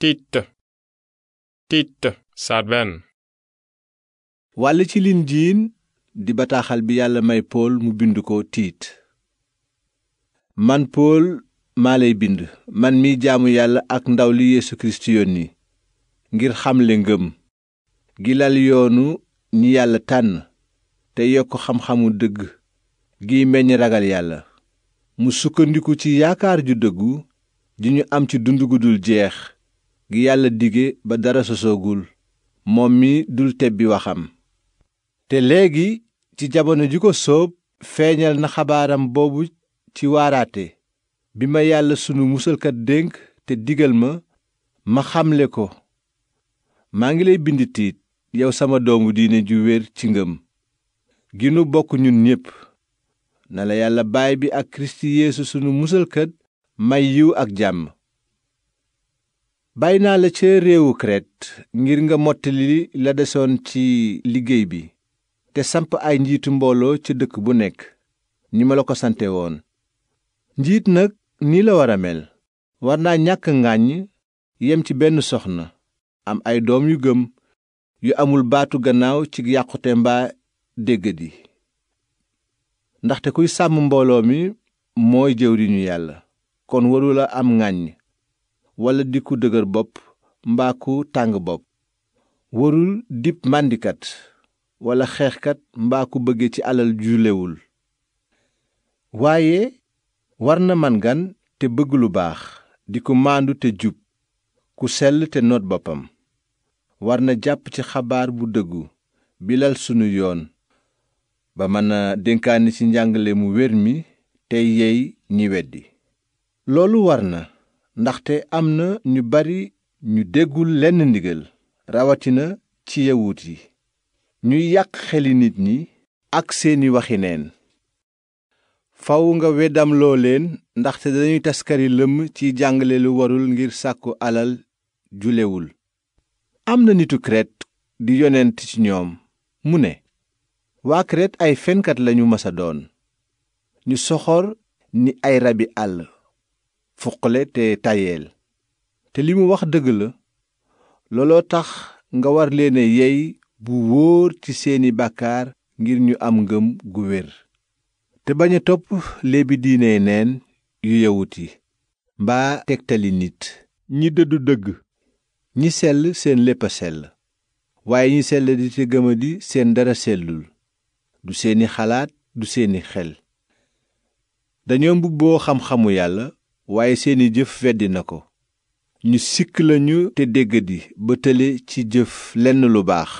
tit tit saar wàll ci lin jiin di bataaxal bi yàlla may pool mu bind ko tiit man pool maa lay bind man miy jaamu yàlla ak ndaw li yeesu kirist yónni ngir xamle ngëm gi lal yoonu ñi yàlla tànn te yokk xam-xamu dëgg giy meññ ragal yàlla mu sukkandiku ci yaakaar ju dëggu ji ñu am ci dund gu dul jeex gi yàlla dige ba dara sosoogul moom mi dul tebbi waxam te léegi ci jamono ji ko soob feeñal na xabaaram boobu ci waaraate bi ma yàlla sunu musalkat dénk te digal ma ma xamle ko maa ngi lay bind tiit yow sama doomu diine ju wér ci ngëm gi nu bokk ñun ñépp na la yàlla baay bi ak kirist yéesu sunu musalkat may yiw ak jàmm bàyyi naa la ci réewu Kret ngir nga mottali la desoon ci liggéey bi te samp ay njiitu mbooloo ca dëkk bu nekk ñi ma la ko sante woon njiit nag nii la war a mel war naa ñàkk ngàññ yem ci benn soxna am ay doom yu gëm yu amul baatu gannaaw ci yàqute mbaa déggadi ndaxte kuy sàmm mbooloo mi mooy jëwriñu yàlla kon warula am ngàññ walla di ku dëgër bopp mbaa ku tàng bopp warul dib màndikat walla xeexkat mbaa ku bëgge ci alal ju waaye war na man gan te bëgg lu baax di ku maandu te jub ku sell te noot boppam war na jàpp ci xabaar bu dëggu bilal sunu yoon ba mën a dénkaane ci njàngale mu wér mi tey yeey ñi weddi loolu war na ndaxte am na ñu bari ñu déggul lenn ndigal rawatina ci yawut yi ñuy yàq xeli nit ñi ak seeni waxi neen faw nga weddamloo leen ndaxte dañuy taskari lëmm ci jàngale lu warul ngir sàkku alal julewul am na nitu kret di yonent ci ñoom mu ne waa kret ay fenkat lañu masa doon ñu soxor ni ay rabi àll fuqle te tayeel te li mu wax dëgg la looloo tax nga war leen yey bu wóor ci seeni bàkkaar ngir ñu am ngëm gu wér te bañ a topp léebi diine neen yu yawut yi mbaa tegtali nit ñi dëddu dëgg ñi sell seen lépp a sell waaye ñi sell di te gëmadi seen dara sellul du seeni xalaat du seeni xel dañoo mbubboo xam-xamu yàlla waaye seeni jëf weddi na ko ñu sikk lañu te déggadi bëtale ci jëf lenn lu baax